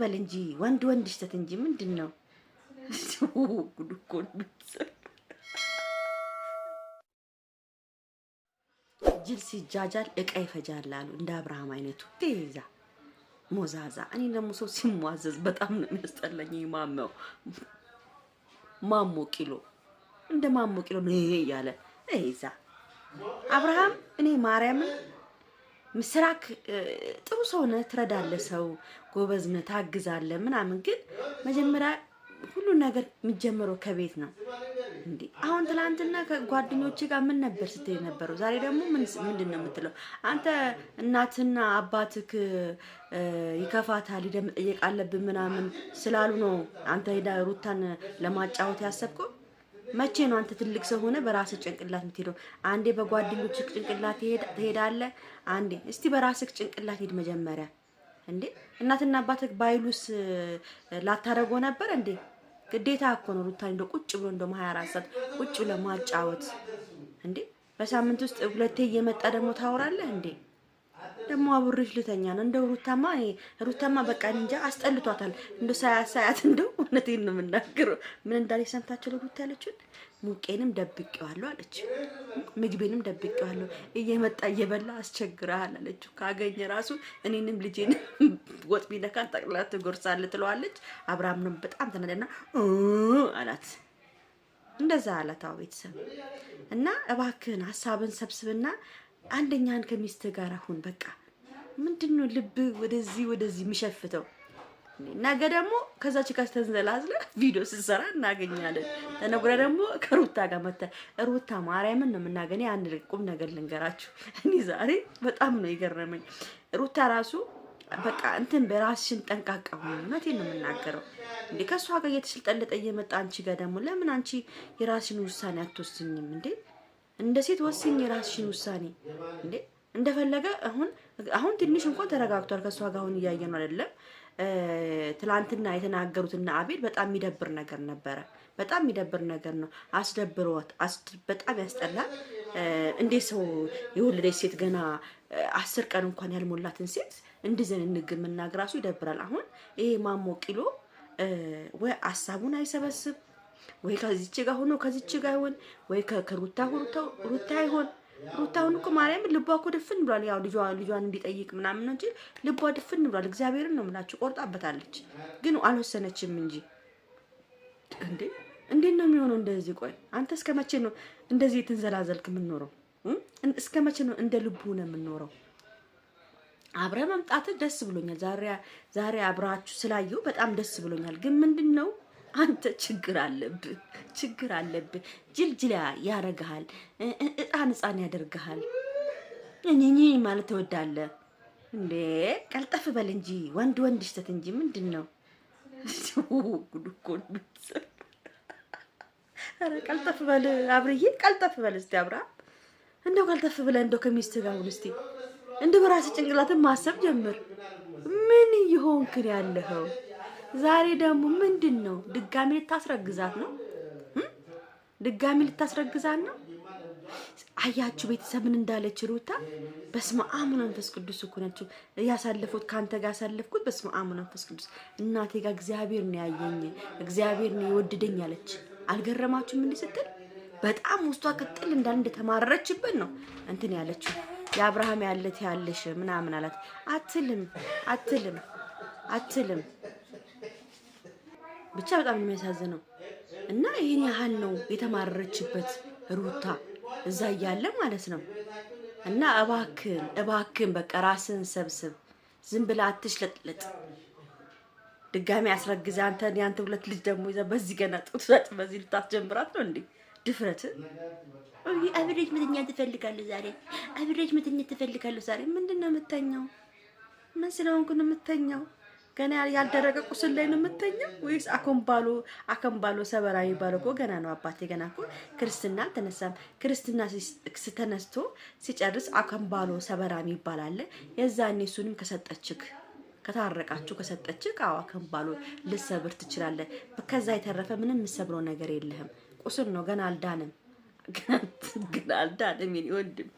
በል እንጂ ወንድ ወንድ ሽተት እንጂ ምንድን ነው ጉድ እኮ ጅል ሲጃጃል እቃ ይፈጃል አሉ እንደ አብርሃም አይነቱ ቴዛ ሞዛዛ። እኔ ደግሞ ሰው ሲሟዘዝ በጣም ነው የሚያስጠላኝ። ማመው ማሞ ኪሎ እንደ ማሞ ኪሎ ነው ይሄ እያለ ዛ አብርሃም እኔ ማርያምን ምስራክ ጥሩ ሰው ነህ፣ ትረዳለህ፣ ሰው ጎበዝ ነህ፣ ታግዛለህ ምናምን። ግን መጀመሪያ ሁሉ ነገር የሚጀምረው ከቤት ነው። እንዴ አሁን ትላንትና ከጓደኞች ጋር ምን ነበር ስትል ነበረው? ዛሬ ደግሞ ምንድን ነው የምትለው? አንተ እናትና አባትክ ይከፋታል፣ ሂደህ መጠየቅ አለብን ምናምን ስላሉ ነው አንተ ሄዳ ሩታን ለማጫወት ያሰብከው? መቼ ነው አንተ ትልቅ ሰው ሆነ በራስህ ጭንቅላት የምትሄደው? አንዴ በጓደኞች ጭንቅላት ትሄዳለህ፣ አንዴ እስቲ በራስህ ጭንቅላት ሄድ መጀመሪያ። እንዴ እናትና አባትህ ባይሉስ ላታደርጎ ነበር እንዴ? ግዴታ እኮ ነው ሩታ፣ እንደ ቁጭ ብሎ እንደ 24 ሰዓት ቁጭ ብሎ ማጫወት እንዴ? በሳምንት ውስጥ ሁለቴ እየመጣ ደግሞ ታወራለህ እንዴ? ደግሞ አብሬሽ ልተኛ ነው እንደው ሩታማ ሩታማ በቃ እንጃ አስጠልቷታል እንደ ሳያት ሳያት እንደው እውነቴን ነው የምናገረው። ምን እንዳለ ሰምታችሁ ለጉት ያለችን ሙቄንም ደብቄዋለሁ አለች። ምግቤንም ደብቄዋለሁ እየመጣ እየበላ አስቸግረሃል አለችው። ካገኘ ራሱ እኔንም ልጄን ወጥ ቢነካን ጠቅላ ትጎርሳለህ ትለዋለች። አብርሃምንም በጣም ተናደና አላት። እንደዛ አላት። አዎ ቤተሰብ እና እባክህን ሀሳብን ሰብስብና አንደኛን ከሚስትህ ጋር አሁን በቃ ምንድን ነው ልብ ወደዚህ ወደዚህ የሚሸፍተው ነገ ደግሞ ከዛች ጋር ተንዘላዝለ ቪዲዮ ስትሰራ እናገኛለን። ተነግረ ደግሞ ከሩታ ጋር መተ ሩታ ማርያምን ነው የምናገኘ። አንድ ቁም ነገር ልንገራችሁ። እኔ ዛሬ በጣም ነው የገረመኝ። ሩታ ራሱ በቃ እንትን በራስሽን ጠንቃቃ ሆነ። እውነቴን ነው የምናገረው። እንዴ ከእሷ ጋር እየተስልጠለጠ እየመጣ አንቺ ጋር ደግሞ ለምን አንቺ የራስሽን ውሳኔ አትወስኝም እንዴ? እንደ ሴት ወስኝ የራስሽን ውሳኔ እንዴ እንደፈለገ አሁን አሁን ትንሽ እንኳን ተረጋግቷል። ከእሷ ጋር አሁን እያየ ነው አይደለም ትላንትና የተናገሩትና አቤል በጣም የሚደብር ነገር ነበረ። በጣም የሚደብር ነገር ነው። አስደብሮት በጣም ያስጠላል። እንዴት ሰው የወለደች ሴት ገና አስር ቀን እንኳን ያልሞላትን ሴት እንድዘን አይነት ንግግር ራሱ ይደብራል። አሁን ይሄ ማሞ ቂሎ ወይ ሀሳቡን አይሰበስብ ወይ ከዚች ጋር ሆኖ ከዚች ጋር ይሆን ወይ ከሩታ ሩታ ይሆን ሩታውን እኮ ማርያም ልቧ እኮ ድፍን ብሏል። ያው ልጇ ልጇን እንዲጠይቅ ምናምን እንጂ ልቧ ድፍን ብሏል። እግዚአብሔርን ነው የምላችሁ፣ ቆርጣበታለች፣ ግን አልወሰነችም እንጂ እንዴ እንዴት ነው የሚሆነው እንደዚህ? ቆይ አንተ እስከ መቼ ነው እንደዚህ የትንዘላዘልክ የምንኖረው? እስከ መቼ ነው እንደ ልቡ ነው የምንኖረው? አብረ መምጣት ደስ ብሎኛል። ዛሬ ዛሬ አብራችሁ ስላየው በጣም ደስ ብሎኛል። ግን ምንድን ነው አንተ ችግር አለብህ፣ ችግር አለብህ። ጅልጅላ ያረግሃል፣ እጣን እጣን ያደርግሃል። እኔኝ ማለት ትወዳለህ እንዴ? ቀልጠፍ በል እንጂ ወንድ ወንድ ሽተት እንጂ ምንድን ነው ጉድ እኮ ቤተሰብ። ኧረ ቀልጠፍ በል አብርዬ፣ ቀልጠፍ በል እስቲ አብርሃም፣ እንደው ቀልጠፍ ብለህ እንደው ከሚስትህ ጋር እስቲ። እንደው በራስህ ጭንቅላትን ማሰብ ጀምር። ምን እየሆንክን ያለኸው? ዛሬ ደግሞ ምንድን ነው? ድጋሚ ልታስረግዛት ነው? ድጋሚ ልታስረግዛት ነው? አያችሁ ቤተሰብ ምን እንዳለች ሩታ። በስመ አብ መንፈስ ቅዱስ እኮ ነች ያሳለፉት። ከአንተ ጋር ያሳለፍኩት በስመ አብ መንፈስ ቅዱስ እናቴ ጋር እግዚአብሔር ነው ያየኝ፣ እግዚአብሔር ነው የወደደኝ አለች። አልገረማችሁም? እንዲህ ስትል በጣም ውስጧ ቅጥል እንዳለ እንደተማረችበት ነው እንትን ያለችው። የአብርሃም ያለት ያለሽ ምናምን አላት። አትልም አትልም አትልም ብቻ በጣም ነው የሚያሳዝነው። እና ይህን ያህል ነው የተማረችበት ሩታ እዛ እያለ ማለት ነው። እና እባክን እባክን በቃ ራስን ሰብስብ፣ ዝም ብላ አትሽለጥለጥ። ድጋሚ አስረግዘ አንተ ያንተ ሁለት ልጅ ደግሞ ይዛ በዚህ ገና ጡት በዚህ ልታስጀምራት ነው እንዴ? ድፍረት አብሬጅ ምትኛ ትፈልጋለሁ ዛሬ አብሬጅ ምትኛ ትፈልጋለሁ ዛሬ ምንድን ነው የምተኛው? ምን ስለሆንኩ ነው የምተኛው? ገና ያልደረቀ ቁስል ላይ ነው የምተኛው ወይስ አከምባሎ አከምባሎ ሰበራ የሚባለው እኮ ገና ነው አባቴ። ገና እኮ ክርስትና አልተነሳም። ክርስትና ስተነስቶ ሲጨርስ አከምባሎ ሰበራ የሚባል አለ። የዛኔ እሱንም ከሰጠችክ ከታረቃችሁ ከሰጠች አዎ ከምባሉ ልሰብር ትችላለህ። ከዛ የተረፈ ምንም የምሰብረው ነገር የለህም። ቁስል ነው ገና አልዳንም፣ ገና አልዳንም የኔ ወንድም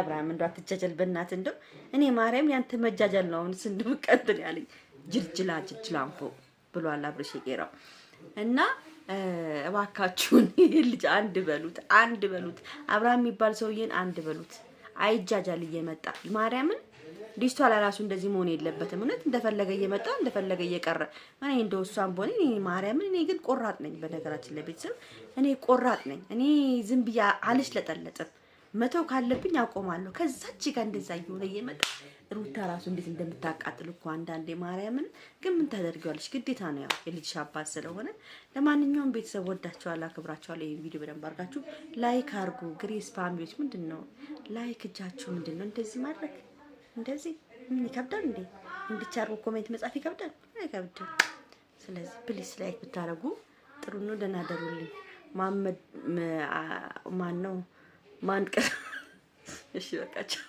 አብርሃም እንደው አትጃጃል በእናትህ እንደው እኔ ማርያም ያንተ መጃጃል ነው አሁን እንደው ቀጥል ያለኝ ጅልጅላ ጅልጅላ አንፎ ብሏል አብርሽ የቄራው እና እባካችሁን ይህ ልጅ አንድ በሉት አንድ በሉት አብርሃም የሚባል ሰውዬን አንድ በሉት አይጃጃል እየመጣ ማርያምን ዲጂቷ ላይ ራሱ እንደዚህ መሆን የለበትም። እውነት እንደፈለገ እየመጣ እንደፈለገ እየቀረ እኔ እንደው እሷም በሆነ እኔ ማርያምን እኔ ግን ቆራጥ ነኝ። በነገራችን ለቤተሰብ እኔ ቆራጥ ነኝ። እኔ ዝም አልሽ አልሽለጠለጥም። መተው ካለብኝ አቆማለሁ። ከዛች ጋር እንደዛ እየሆነ እየመጣ ሩታ ራሱ እንዴት እንደምታቃጥል እኮ አንዳንዴ ማርያምን። ግን ምን ታደርጊዋለች? ግዴታ ነው ያው የልጅሽ አባት ስለሆነ። ለማንኛውም ቤተሰብ ወዳቸዋለሁ፣ አክብራቸዋለሁ። ይህ ቪዲዮ በደንብ አድርጋችሁ ላይክ አርጉ። ግሬስ ፋሚዎች ምንድን ነው ላይክ እጃችሁ ምንድን ነው እንደዚህ ማድረግ እንደዚህ ምን ይከብዳል እንዴ? እንድቻርጉ ኮሜንት መጻፍ ይከብዳል? አይከብድም። ስለዚህ ፕሊስ ላይክ ብታደርጉ ጥሩ ነው። ደህና ደሩልኝ። ማን ነው ማንቀር እሺ በቃቸው።